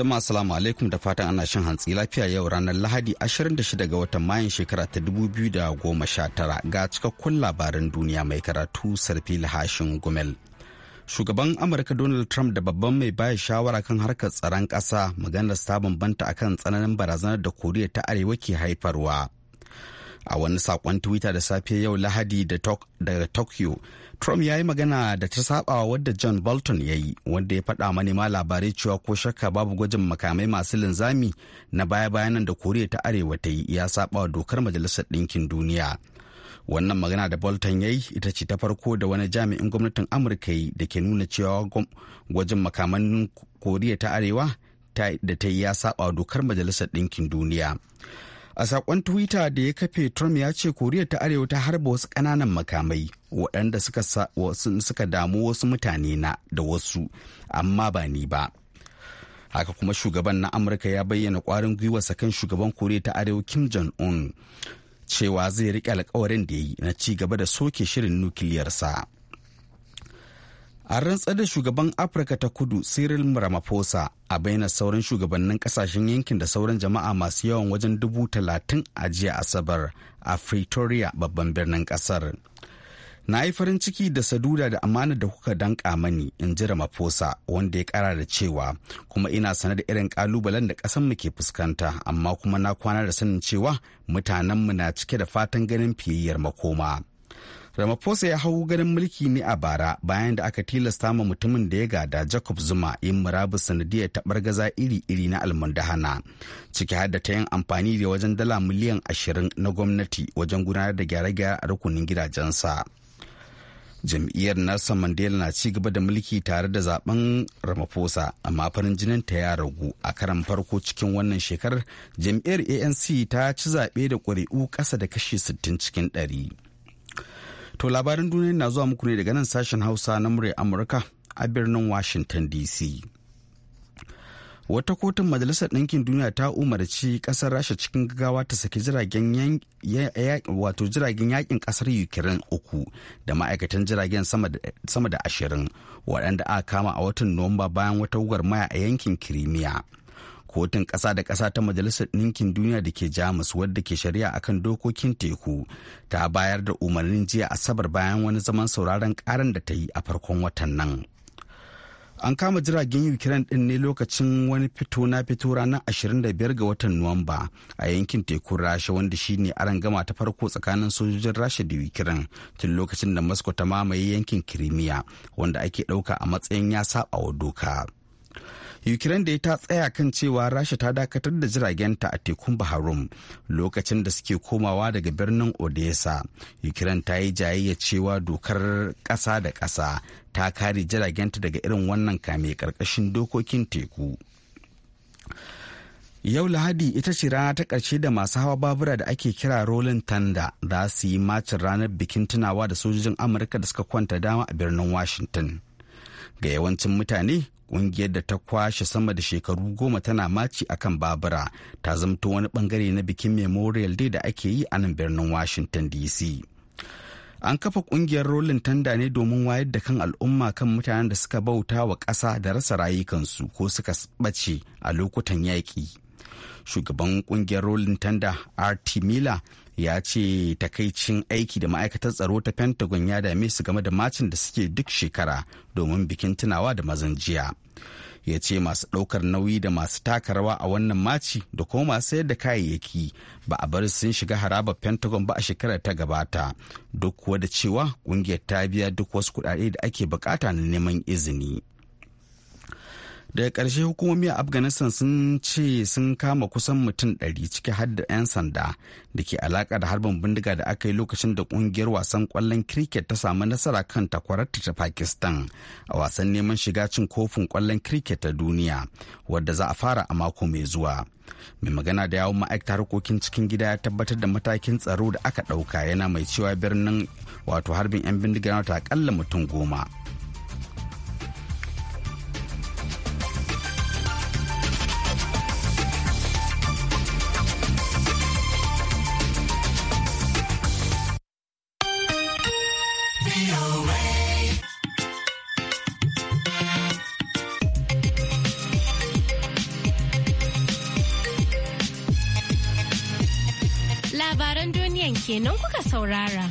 jama'a salamu alaikum da fatan ana shan hantsi lafiya yau ranar lahadi 26 ga watan mayan shekara ta 2019 ga cikakkun labaran duniya mai karatu sarfi lahashin gumel shugaban amurka donald trump da babban mai baya shawara kan harkar tsaron ƙasa maganar sabon banta akan tsananin barazanar da koriya ta arewa ke haifarwa a wani sakon twitter da safe yau lahadi daga tokyo trump ya yi magana da ta sabawa wadda john bolton ya yi wanda ya faɗa manema labarai cewa ko shakka babu gwajin makamai masu linzami na baya-bayanan da koriya ta arewa ta yi ya sabawa dokar majalisar ɗinkin duniya wannan magana da bolton ya yi ita ce ta farko da wani jami'in gwamnatin amurka yi da ke nuna cewa gwajin makaman koriya ta arewa da ta yi ya sabawa dokar majalisar ɗinkin duniya a sakon twitter da ya kafe trump ya ce koriya ta arewa ta harba wasu ƙananan makamai waɗanda suka damu wasu mutane na da wasu amma ba ni ba haka kuma shugaban na amurka ya bayyana ƙwarin gwiwarsa kan shugaban koriya ta arewa kim jong-un cewa zai riƙe alkawarin da ya yi na ci gaba da soke shirin nukiliyarsa. a rantsar da shugaban afirka ta kudu cyril ramaphosa a baina sauran shugabannin kasashen yankin da sauran jama'a masu yawan wajen dubu talatin a jiya asabar a pretoria babban birnin kasar na yi farin ciki da saduda da amana da kuka danka mani in ji ramaphosa wanda ya kara da cewa kuma ina sane da irin kalubalen da kasan mu ke fuskanta amma kuma na kwana da sanin cewa mutanenmu na cike da fatan ganin fiyayyar makoma Ramaphosa ya hau ganin mulki ne a bara bayan da aka tilasta ma mutumin da ya gada Jacob Zuma yin murabus sanadiyar tabar gaza iri-iri na almundahana ciki har da ta yin amfani da wajen dala miliyan ashirin na gwamnati wajen gudanar da gyare-gyare a rukunin gidajensa. jam'iyyar Nelson Mandela na ci gaba da mulki tare da zaben Ramaphosa amma farin jinin ta ya ragu a karan farko cikin wannan shekarar jam'iyyar ANC ta ci zaɓe da ƙuri'u ƙasa da kashi 60 cikin ɗari. To labarin duniya na zuwa muku ne daga nan sashen Hausa na murya Amurka a birnin Washington DC. Wata kotun Majalisar Ɗinkin Duniya ta umarci ƙasar Rasha cikin gaggawa ta saki jiragen wato jiragen yakin ƙasar Ukraine uku da ma'aikatan jiragen sama da ashirin waɗanda aka kama a watan Nuwamba bayan wata wugar maya a yankin Kirimiya. kotun ƙasa da ƙasa ta majalisar ɗinkin duniya da ke jamus wadda ke shari'a akan dokokin teku ta bayar da umarnin jiya asabar bayan wani zaman sauraron ƙaran da ta yi a farkon watan nan an kama jiragen ukraine ɗin ne lokacin wani fito na fito ranar 25 ga watan nuwamba a yankin tekun rasha wanda shine aron gama ta farko tsakanin sojojin rasha da ukraine tun lokacin da moscow ta mamaye yankin kirimiya wanda ake ɗauka a matsayin ya saba wa doka ukraine da ta tsaya kan cewa rasha ta dakatar da jiragenta a tekun baharum lokacin da suke komawa daga birnin odessa ukraine ta yi jayayya cewa dokar ƙasa da ƙasa ta kare jiragenta daga irin wannan kame karkashin dokokin teku Yau Lahadi ita ce rana ta ƙarshe da masu hawa babura da ake kira Rolling Thunder za su yi macin ranar bikin tunawa da sojojin Amurka da suka kwanta dama a birnin Washington. Ga yawancin mutane, Ƙungiyar da ta kwashe sama da shekaru goma tana maci akan babura ta zamto wani bangare na bikin Memorial Day da ake yi a nan birnin Washington DC. An kafa ƙungiyar rolin tanda ne domin wayar da kan al'umma kan mutanen da suka bauta wa ƙasa da rasa rayukansu ko suka ɓace a lokutan yaƙi. Shugaban ƙungiyar rolin tanda RT Miller ya ce takaicin aiki da ma'aikatar tsaro ta pentagon ya dame su game da macin da suke duk shekara domin bikin tunawa da mazan jiya ya ce masu ɗaukar nauyi da masu taka rawa a wannan maci da kuma masu sayar da kayayyaki ba a bar sun shiga harabar pentagon ba a shekarar ta gabata duk kuwa da cewa ƙungiyar ta biya duk wasu kuɗaɗe da ake bukata na neman izini. daga karshe hukumomi a afghanistan sun ce sun kama kusan mutum 100 ciki har da 'yan sanda da ke alaka da harbin bindiga da aka yi lokacin da ƙungiyar wasan kwallon cricket ta samu nasara kan takwararta ta pakistan a wasan neman shiga cin kofin kwallon cricket ta duniya wadda za a fara a mako mai zuwa mai magana da yawon ma'aikata harkokin cikin gida ya tabbatar da matakin tsaro da aka ɗauka yana mai cewa birnin wato harbin 'yan bindiga na ta mutum goma kuka saurara.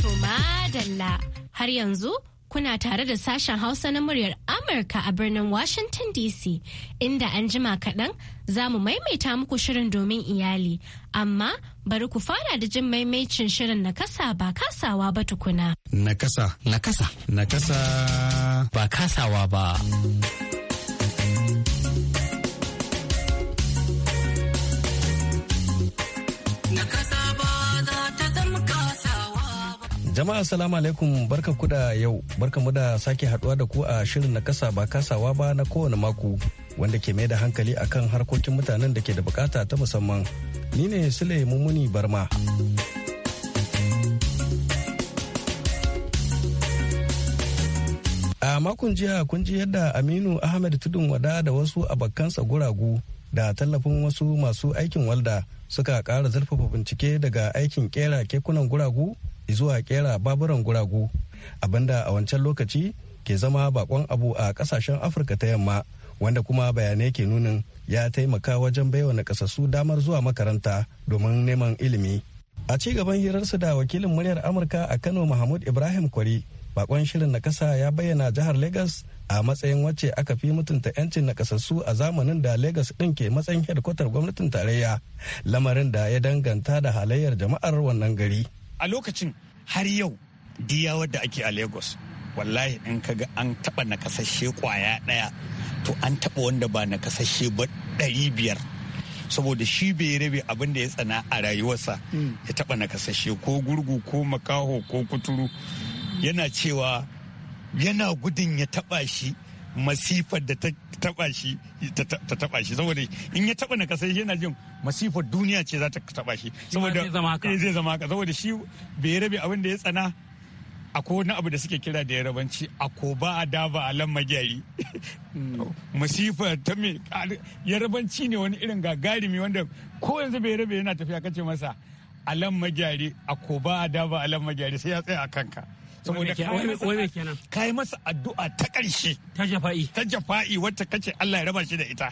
to Madalla har yanzu kuna tare da sashen Hausa na muryar Amurka a birnin Washington DC inda an jima kaɗan za mu maimaita muku shirin domin iyali amma bari ku fara da jin maimaicin shirin nakasa ba kasawa ba tukuna. Nakasa. Nakasa. Nakasa. Ba kasawa ba. Jama'a assalamu alaikum barka kuda yau barka mu da sake haduwa da ku a shirin na kasa ba kasawa ba na kowane mako wanda ke mai da hankali akan harkokin mutanen da ke da bukata ta musamman. Ni ne Sule Mumuni Barma. A makon jiya kun ji yadda Aminu Ahmed Tudun Wada da wasu bakkansa guragu da tallafin wasu masu aikin walda suka kara zurfafa bincike daga aikin kera kekunan guragu zuwa kera baburan guragu abinda a wancan lokaci ke zama bakon abu a kasashen afirka ta yamma wanda kuma bayanai ke nunin ya taimaka wajen baiwa nakasassu damar zuwa makaranta domin neman ilimi a ci gaban hirarsa da wakilin muryar amurka a kano mahmud ibrahim kwari bakon shirin nakasa ya bayyana jihar lagos a matsayin wacce aka fi mutunta 'yancin nakasassu a zamanin da lagos din ke matsayin hedkwatar gwamnatin tarayya lamarin da ya danganta da halayyar jama'ar wannan gari a lokacin har yau diya wadda ake a lagos wallahi in kaga an taba nakasashe kwaya daya to an taba wanda ba nakasashe ba dari biyar saboda shi bai rabe abin da ya tsana a rayuwarsa mm. ya taba nakasashe ko gurgu ko makaho ko kuturu yana cewa yana gudun ya taba shi masifar da ta taba shi ta taba shi saboda in ya taba na kasa yana jin masifar duniya ce za ta taba shi saboda eh, zai zama haka saboda shi bai rabe abin da ya tsana akwai wani abu da suke kira da yarabanci ako ba a da ba a lan magyari hmm. masifa ta me yarabanci ne wani irin gagarumi wanda ko yanzu bai rabe yana tafiya kace masa alan magyari ako ba a da ba a lan magyari sai ya tsaya a kanka saboda ka Kai masa addu'a ta ƙarshe ta jafa'i ta jafa'i wacce kace Allah ya raba shi da ita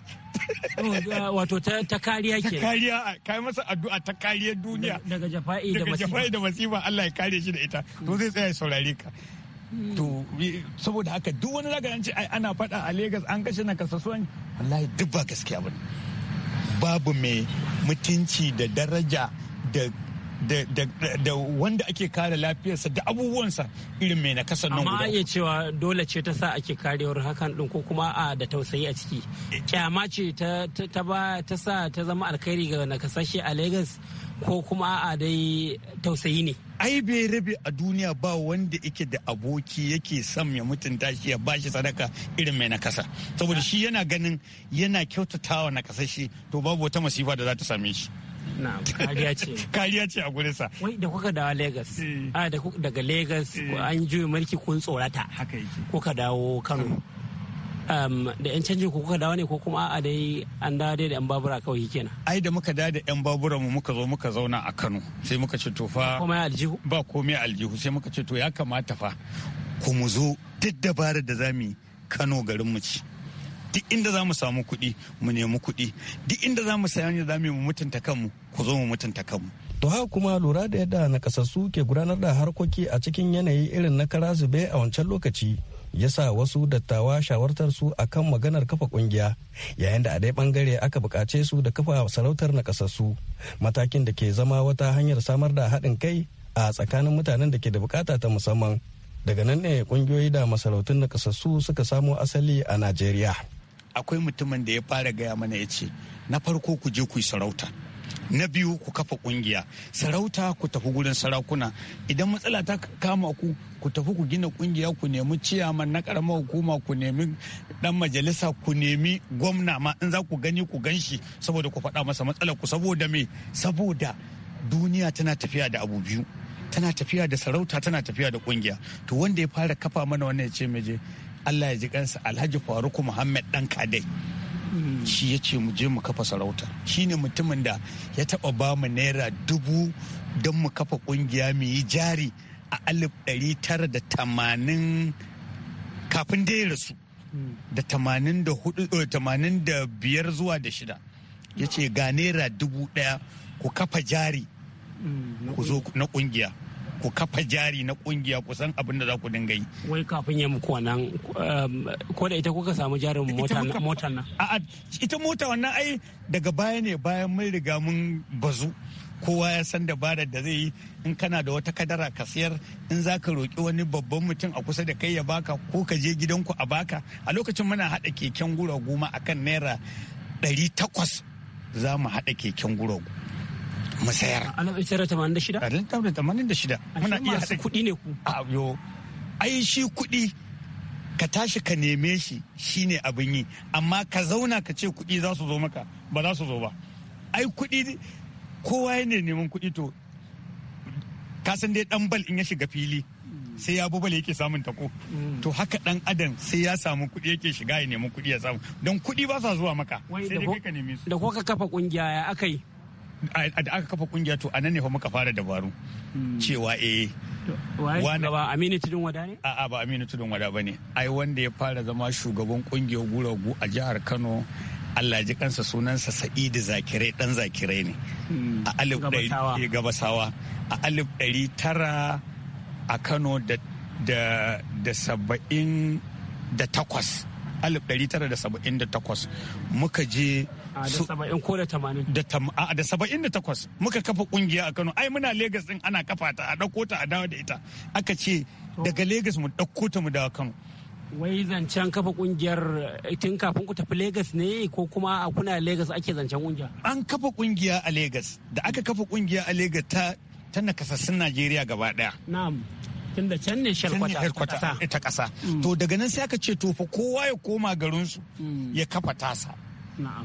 oh, uh, wato ta kariya ke ta kariya kai masa addu'a ta kariyar duniya daga jafa'i da masifa daga jafa'i da masifa Allah ya kare shi da ita to zai tsaya saurare ka to saboda haka duk wani zaga ce ai ana faɗa a Legas an kashe na kasasuwan wallahi duk ba gaskiya bane babu mai mutunci da daraja da da wanda ake kare lafiyarsa da abubuwansa irin mai na nakasa nan guda. Amma cewa dole ce ta sa ake karewar hakan ɗin ko kuma a da tausayi a ciki. Eh. Kyama ce ta ba ta sa ta zama alkhairi ga nakasashe a Legas ko kuma a dai tausayi ne. Ai bai rabe a duniya ba wanda yake da aboki yake son ya mutunta shi ya bashi sadaka irin mai nakasa. Saboda shi yana ganin yana kyautatawa nakasashe to babu wata masifa da za ta same shi. na'am kariya ce kariya ce a gurin sa wai da kuka dawo Lagos eh. ah, a daga Lagos eh. an juye mulki kun tsorata kuka dawo Kano eh. um, da 'yan canjin kuka dawo ne ko kuma a dai an dawo dai da 'yan babura kawai kenan. Ai da muka dawo da 'yan babura mu muka zo muka zauna a Kano sai muka ce to fa komai aljihu ba komai aljihu sai muka ce to ya kamata fa ku mu zo duk dabarar da za mu yi Kano garin mu ci. duk inda za mu samu kuɗi mu nemi kuɗi duk inda za mu sayan da mu mutunta kanmu ku zo mu mutunta kanmu. To haka kuma lura da yadda nakasassu ke gudanar da harkoki a cikin yanayi irin na kara zube a wancan lokaci ya sa wasu dattawa shawartar su akan maganar kafa ƙungiya yayin da a dai bangare aka bukace su da kafa sarautar nakasassu matakin da ke zama wata hanyar samar da haɗin kai a tsakanin mutanen da ke da bukata ta musamman daga nan ne kungiyoyi da masarautun nakasassu suka samo asali a najeriya akwai mutumin da ya fara gaya mana ya ce na farko ku je ku yi sarauta na biyu ku kafa kungiya sarauta ku tafi gurin sarakuna idan matsala ta kama ku ku tafi ku gina kungiya ku nemi ciyaman na karamar hukuma ku nemi dan majalisa ku nemi gwamna ma in za ku gani ku ganshi saboda ku faɗa masa matsalar ku saboda me saboda duniya tana tafiya da abu biyu tana tafiya da sarauta tana tafiya da kungiya to wanda ya fara kafa mana wannan ya ce meje allah ya ji kansa alhaji faruku muhammad dan kadai shi ya ce mu je mu kafa sarauta Shi ne mutumin da ya taba ba mu naira dubu don mu kafa kungiya mu yi jari a alif ɗari tara da tamanin kafin da ya rasu da tamanin da hudu eh, tamanin da biyar zuwa da shida ya ce ga naira dubu ɗaya ku kafa jari mm, ku zo na kungiya ku kafa jari na kungiya ku abin da za ku dinga yi wai kafin ya muku wannan um, ko da ita kuka samu jarin mota nan a'a ita mota wannan ai daga baya ne bayan mun riga mun bazu kowa ya san da bada da zai yi in kana da wata kadara ka sayar in za ka roƙi wani babban mutum a kusa da kai ya baka ko ka je gidanku a baka a lokacin muna haɗa keken gura goma akan naira ɗari takwas za mu haɗa keken guragu mu sayar a nan tsara 86 a nan tsara shida. muna iya haɗa kuɗi ne ku a yo ai shi kuɗi ka tashi ka neme shi shine abin yi amma ka zauna ka ce kuɗi za su zo maka ba za su zo ba ai kuɗi kowa ya ne neman kuɗi to ka san dai ɗan bal in ya shiga fili sai ya bubale yake samun tako mm. to haka ɗan adam sai ya samu kuɗi yake shiga ya neman kuɗi ya samu don kuɗi ba sa zuwa maka sai dai ka neme su da ko ka kafa ƙungiya ya aka yi? da aka kafa kungiya to anan ne fa muka fara dabaru hmm. cewa eh ba aminu tudun wada ne a'a ba aminu tudun wada ba ne ai wanda ya fara zama shugaban kungiyar guragu a jihar kano Allah ji kansa sunansa sa'idu zakirai dan zakirai ne hmm. a alif ɗari eh, gabasawa a alif ɗari tara a kano da da saba'in da takwas alif ɗari tara da saba'in da takwas muka je da saba'in ko da tamanin da saba'in da takwas muka kafa kungiya a kano ai muna Legas din ana kafa ta a ɗauko ta a dawo da ita aka ce daga Legas mu ɗauko ta mu dawo kano wai zancen kafa kungiyar eh, tun kafin ku tafi Legas ne ko kuma a kuna Legas ake zancen kungiya an kafa kungiya a Legas da aka kafa kungiya a Legas ta ta nakasassun Najeriya gaba daya na'am tun da can ne shalkwata ta kasa mm. to daga nan sai aka ce to fa kowa ya koma garinsu mm. ya kafa tasa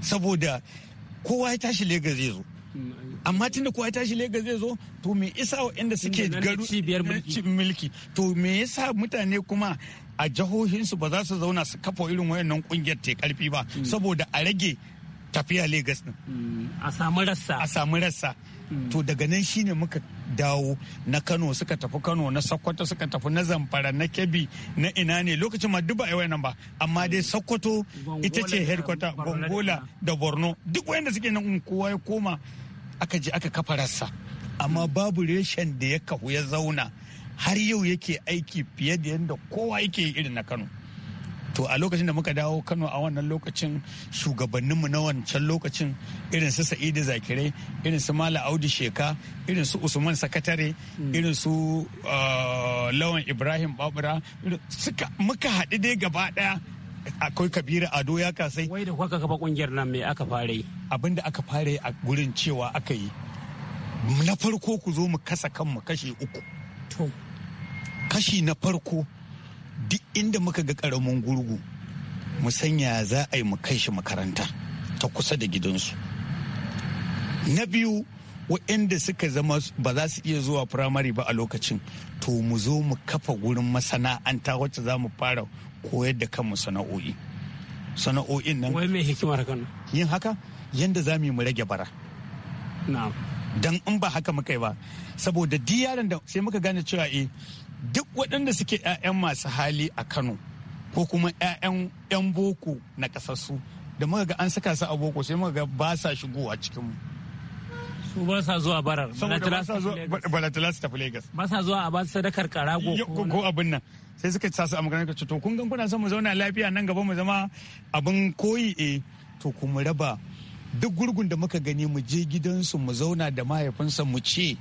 saboda kowa ya tashi Legas zai zo mm, amma tunda kowa ya tashi Legas zai zo to me isa inda suke garu mulki to me yasa mutane kuma a jihohinsu ba za su zauna su kafa irin wayannan kungiyar te karfi ba mm. saboda a rage tafiya Legas din mm, a samu rassa a samu rassa Mm. to daga nan shine muka dawo na kano suka tafi kano na sokoto suka tafi na zamfara na kebbi na ina ne lokacin ma duk ba nan ba amma dai mm. sokoto ita ce headquarter gongola da borno duk wanda suke nan kowa ya koma aka je aka kafa rassa amma mm. babu reshen da ya kahu ya zauna har yau yake aiki fiye da yadda kowa yake irin na kano to a lokacin da muka dawo kano a wannan lokacin shugabanninmu na wancan lokacin irin su sa'idu Zakire irin su mala audu sheka irin su usman sakatare hmm. irin su ah, lawan ibrahim babura suka muka haɗu dai gaba ɗaya akwai kabiru ado ya kasai wai da kuka kafa kungiyar nan me aka fare abin da aka fare a gurin cewa aka yi na farko ku zo mu kasa kanmu kashi uku kashi na farko duk inda muka ga karamin gurgu mu sanya za a yi mu kai shi makaranta ta kusa da gidansu na biyu waɗanda suka zama ba za su iya zuwa firamare ba a lokacin to mu zo mu kafa gurin masana'anta wacce za mu fara koyar da kanmu sana'o'i sana'o'in nan wai mai hikimar kano yin haka yadda za mu yi mu rage bara don in ba haka muka yi ba saboda di yaran da sai muka gane cewa eh duk waɗanda suke 'ya'yan masu hali a kano ko kuma 'ya'yan 'yan boko na ƙasarsu da muka ga an saka su a boko sai muka ga ba sa shigowa cikinmu su ba sa zuwa barar balatala su tafi lagos ba sa zuwa a ba su sadakar kara ko abin nan sai suka sa su a magana ce to kun gan kuna son mu zauna lafiya nan gaba mu zama abin koyi eh to mu raba duk gurgun da muka gani mu je gidansu mu zauna da mahaifinsa mu ce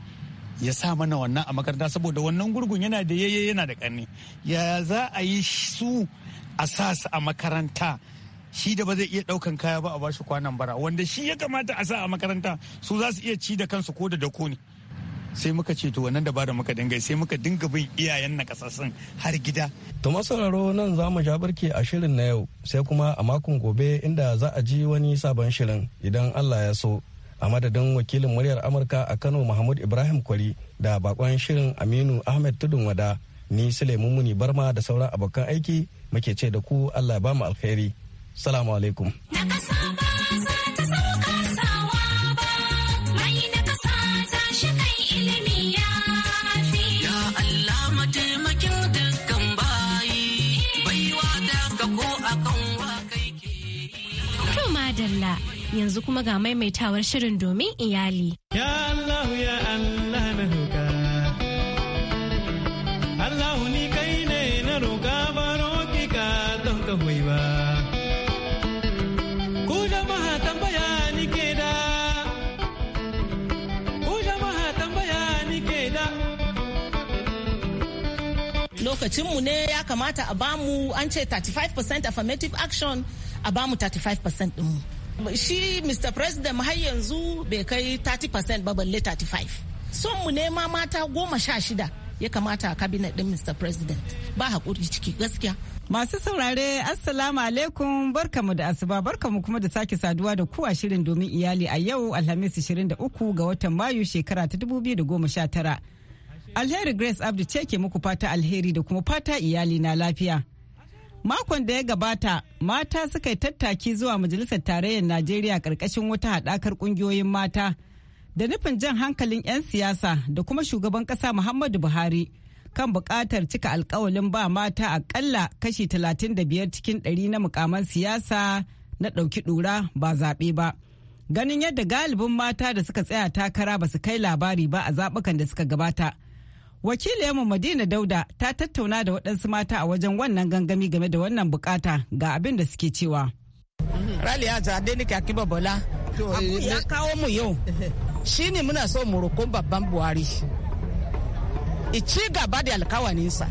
ya sa mana wannan a makaranta saboda wannan gurgun yana da yayye yana da ƙarni ya za a yi su a sa su a makaranta shi da ba zai iya ɗaukan kaya ba a bashi kwanan bara wanda shi ya kamata a sa a makaranta su za su iya ci da kansu ko da dako ne sai muka ce to wannan dabara muka dinga sai muka dinga bin iyayen na kasassun har gida. To masararo nan za mu ja barke a shirin na yau sai kuma a makon gobe inda za a ji wani sabon shirin idan Allah ya so a madadin wakilin muryar amurka a kano mahmud ibrahim kwari da bakon shirin aminu ahmed tudun wada ni sulaimun muni barma da sauran abokan aiki muke ce da ku allah ba mu alkhairi salamu alaikum Dalla. yanzu kuma ga maimaitawar shirin domin iyali. Ya Allah ne na roƙa ba roƙi ka don ka ba. Ku jama'a tambaya ni ke da. Ku jama'a tambaya Lokacinmu ne ya kamata a bamu an ce 35% affirmative action a bamu 35% ɗinmu. Shi Mr. President har yanzu bai kai 30% ba balle 35. Son mu nema mata goma sha shida ya kamata a kabinet din Mr. President ba hakuri ciki gaskiya. Masu saurare Assalamu alaikum barkamu da asuba barkamu kuma da sake saduwa da kuwa shirin domin iyali a yau Alhamis 23 ga watan Mayu shekara ta 2019. Alheri Grace Abdu ce ke muku fata alheri da kuma fata iyali na lafiya. Makon da ya gabata, mata suka yi tattaki zuwa Majalisar Tarayyar Najeriya karkashin wata haɗakar ƙungiyoyin mata da nufin jan hankalin 'yan siyasa da kuma shugaban kasa Muhammadu Buhari kan buƙatar cika alkawalin ba mata aƙalla kashi 35 cikin 100 na mukaman siyasa na ɗauki ɗura ba zaɓe ba. Ganin yadda galibin mata da suka tsaya takara ba su kai labari ba a zaɓukan da suka gabata. wakiliyarmu madina dauda ta tattauna da waɗansu mata a wajen wannan gangami game da wannan bukata ga abin da suke cewa raliya zade ni kiba bola eh, abu ya kawo mu yau shi ne muna so mu rukun babban buhari ici gaba da alkawaninsa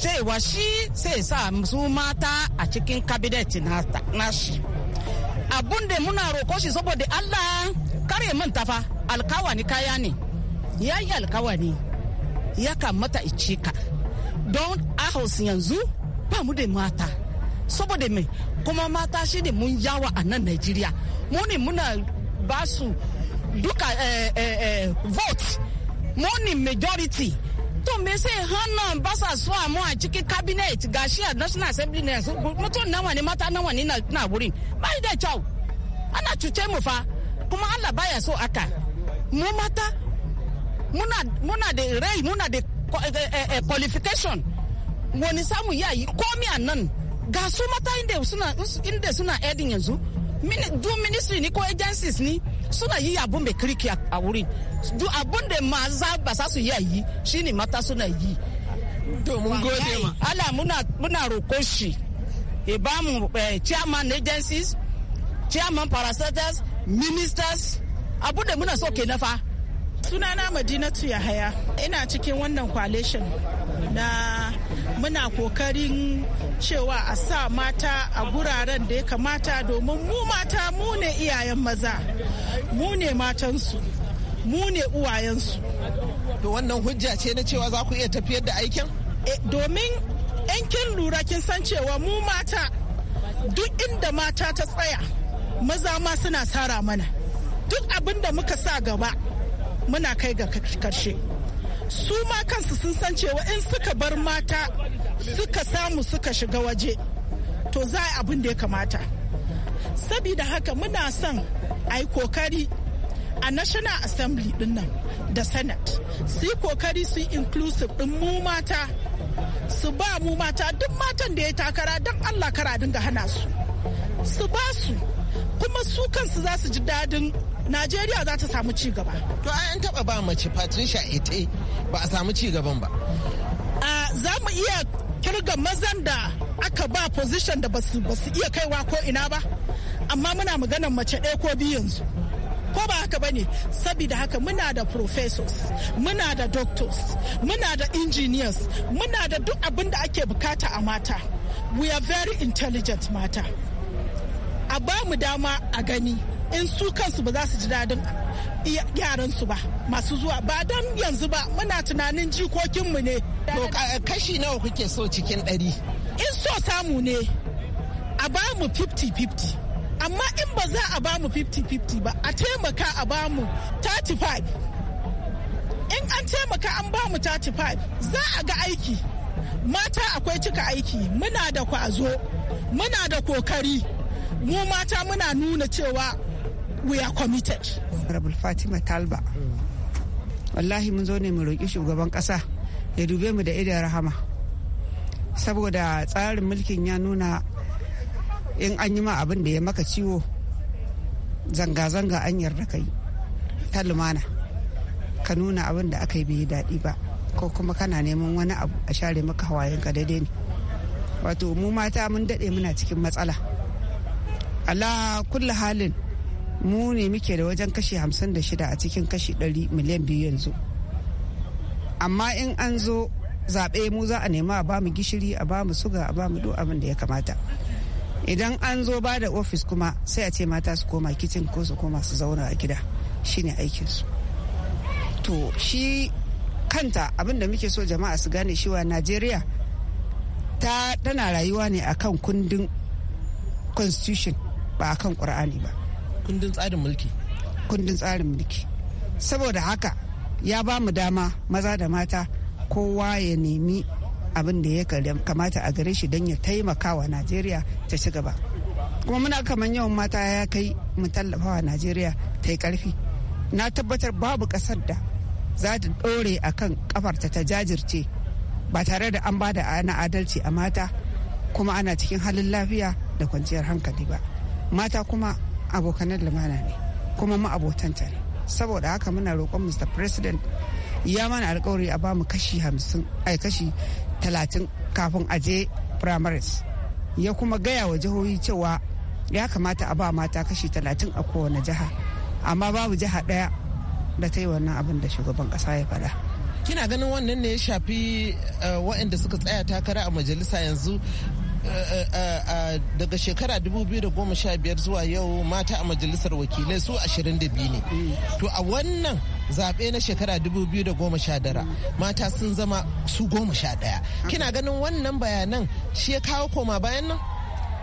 cewa shi sai sa su mata a cikin kabinet nashi abun da muna roƙo shi saboda allah kare mun tafa alkawani kaya ne yayi yi alkawani ya kamata ice ka don a hausa yanzu ba mu da mata saboda mai kuma mata shi ne mun yawa a nan nigeria mu ne muna ba su duka eh, eh, eh, vote mu ne majority to me sai hannun ba sa so a mu a cikin cabinet gashi a national assembly ne mutum nawa ne mata na ne na wurin ba da kyau ana cuce mu fa kuma allah baya so aka mu mata muna da rai muna da eh, eh, eh, qualification wani samu ya yi komi a nan ga su mata inda suna edin yanzu du ministry ni ko agencies ni suna yi abun mai kiriki a wurin du abun da maza ba sa su yi a shine mata suna yi domin gode ma ala muna muna roƙo shi ya e ba mu chairman agencies chairman parastatals ministers abu da muna so ke fa. Sunana Madinatu haya. ina cikin wannan coalition na muna kokarin cewa a sa mata a guraren da ya kamata domin mu mata mu ne iyayen maza mu ne matansu mu ne uwayensu. To wannan hujja ce na cewa za ku iya tafiyar da aikin? Eh, domin in kin lura kin san cewa mu mata duk inda mata ta tsaya maza ma suna sara mana duk abin da muka sa gaba muna kai ga karshe su ma kansu sun san cewa in suka bar mata suka samu suka shiga waje to za a abin da ya kamata sabida haka muna son a yi kokari a national assembly din nan da senate su yi kokari su yi inclusive din mu mata su ba mu mata duk matan da ya takara don allah kara dinga hana su su ba su kuma su kansu za su ji dadin Najeriya za ta samu ci gaba. To an taba ba mace Patricia Ete ba a samu ci gaban ba. za mu iya kirga mazan da aka ba position da basu basu iya kaiwa ko ina ba amma muna magana mace ɗaya ko biyu yanzu ko ba haka bane saboda haka muna da professors muna da doctors muna da engineers muna da duk abin da ake bukata a mata we are very intelligent mata a ba mu dama a gani in su kansu ba za su ji dadin yaransu ba masu zuwa ba don yanzu ba muna tunanin jikokinmu ne kashi nawa kuke so cikin ɗari in so samu ne a ba mu 50-50 amma in ba za a ba mu 50-50 ba a taimaka a ba mu 35 in an taimaka an ba mu 35 za a ga aiki mata akwai cika aiki muna da kwazo muna da kokari mu mata muna nuna cewa we are committed. Honorable Fatima Talba. Wallahi mun zo ne mu roƙi shugaban ƙasa ya dube mu da idan rahama. Saboda tsarin mulkin ya nuna in an yi ma abin da ya maka ciwo zanga-zanga an yarda kai ta lumana ka nuna abin da aka yi bai daɗi ba ko kuma kana neman wani abu a share maka hawayen ka daidai ne wato mu mata mun daɗe muna cikin matsala Allah kulla halin mu ne muke da wajen kashi 56 a cikin kashi 100 miliyan biyu yanzu amma in an zo zaɓe mu za a nema a bamu gishiri a bamu suga a bamu duk abin da ya kamata idan an zo ba da ofis kuma sai a ce mata su koma kicin ko su koma su zauna a gida shine aikinsu to shi kanta abin da muke so jama'a su gane shiwa najeriya ta tana rayuwa ne akan kundin constitution ba akan ƙur'ani ba kundin tsarin mulki kundin tsarin mulki saboda haka ya ba mu dama maza da mata kowa ya nemi abin da ya kamata a gare shi don ya taimaka wa najeriya ta ci gaba kuma muna kaman yawan mata ya kai mu tallafa wa najeriya ta yi karfi na tabbatar babu kasar da za ta ɗore a kan kafarta ta jajirce ba tare da an ba da ana adalci a mata kuma ana cikin halin lafiya da kwanciyar hankali ba mata kuma abokanar lumana ne kuma ma'abotanta ne saboda haka muna roƙon mr president ya mana alkawari a bamu kashi hamsin ai kashi talatin kafin a je primaries ya kuma gaya wa jihohi cewa ya kamata a ba mata kashi talatin a kowane jiha amma babu jiha ɗaya da ta yi wannan abin da shugaban ƙasa ya faɗa. kina ganin wannan ne ya shafi eh, waɗanda suka tsaya takara a majalisa yanzu daga shekara 2015 zuwa yau mata a majalisar wakilai su 22 ne to a wannan zaɓe na shekara 2019 mata sun zama su 11 kina ganin wannan bayanan shi ya kawo koma bayan nan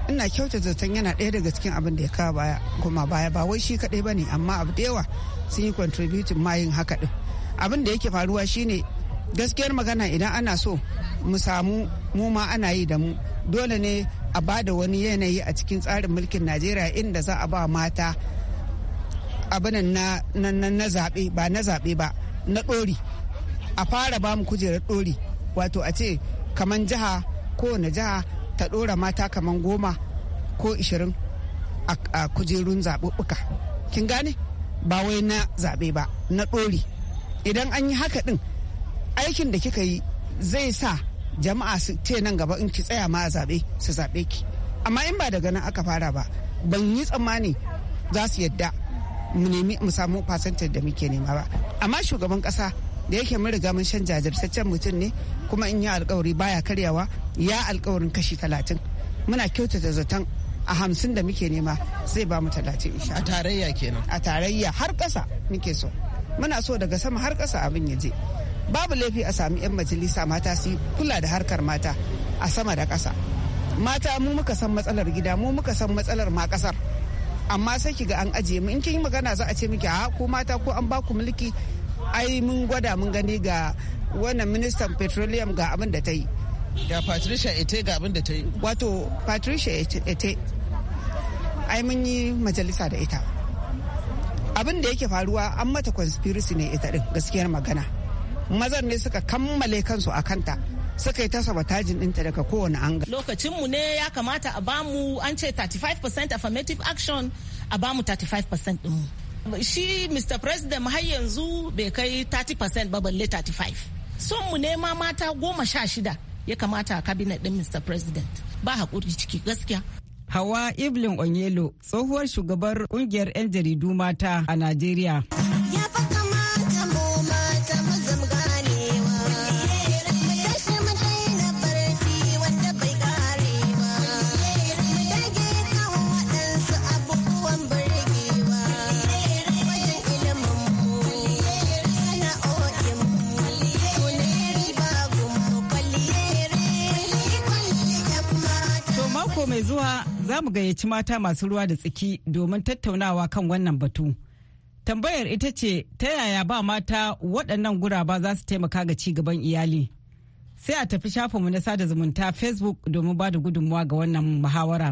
ina kyauta zaton yana ɗaya daga cikin abin da ya kawo baya kuma baya ba wai shi kaɗai ba ne amma abu da yawa sun yi contributing mayin haka ɗin abin da yake faruwa shine gaskiyar magana idan ana so mu samu mu ma ana yi da mu dole ne a ba da wani yanayi a cikin tsarin mulkin najeriya inda za a ba mata abinan na, na, na, ba na zaɓe ba na ɗori a fara ba mu kujerar ɗori wato a ce kaman jiha kowane jiha ta ɗora mata kaman goma ko ishirin a kujerun zaɓuɓɓuka kin gane ba wai na zaɓe ba na ɗori idan an yi haka ɗin aikin da kika yi zai sa jama'a su ce nan gaba in ki tsaya ma a zaɓe su zaɓe ki amma in ba daga nan aka fara ba ban yi tsammani za su yadda mu nemi mu samu fasantar da muke nema ba amma shugaban kasa da yake mun riga mun shan jajirtaccen mutum ne kuma in yi alkawari baya karyawa ya alkawarin kashi talatin muna kyautata zaton a hamsin da muke nema zai ba mu talatin insha a tarayya kenan a tarayya har ƙasa muke so muna so daga sama har kasa abin ya je babu laifi a sami 'yan majalisa mata su kula da harkar mata a sama da ƙasa mata mu muka san matsalar gida mu muka san matsalar ma ƙasar amma sai ki ga an ajiye mu in kin yi magana za a ce miki a ko mata ko an ba ku mulki ai mun gwada mun gani ga wannan ministan petroleum ga abin da ta yi ga patricia ete ga abin da ta yi wato patricia ete ai mun yi majalisa da ita abin da yake faruwa an mata conspiracy ne ita din gaskiyar magana mazan ne suka kammale kansu a kanta suka yi ta sabotajin ɗinta daga kowane anga. Lokacinmu ne ya kamata a bamu an ce 35% affirmative action a bamu 35% ɗinmu. Shi Mr. President har yanzu bai kai 30% ba balle 35. Son mu ma mata goma sha shida ya kamata a kabinet ɗin Mr. President. Ba haƙuri ciki gaskiya. Hawa Evelyn Onyelo, tsohuwar shugabar ƙungiyar 'yan jaridu mata a Najeriya. mu gayyaci mata masu ruwa da tsaki domin tattaunawa kan wannan batu. Tambayar ita ce ta yaya ba mata waɗannan guraba za su taimaka ga ci gaban iyali. Sai a tafi shafinmu na sada zumunta Facebook domin ba da gudunmuwa ga wannan muhawara.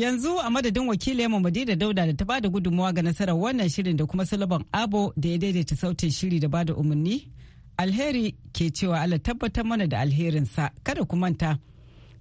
Yanzu a madadin wakili wakilinmu Madina Dauda da ta ba da gudunmuwa ga nasarar wannan shirin da kuma Salaban Abo da ya daidaita sautin shiri da ba da umarni. Alheri ke cewa Allah tabbatar mana da alherinsa kada ku manta.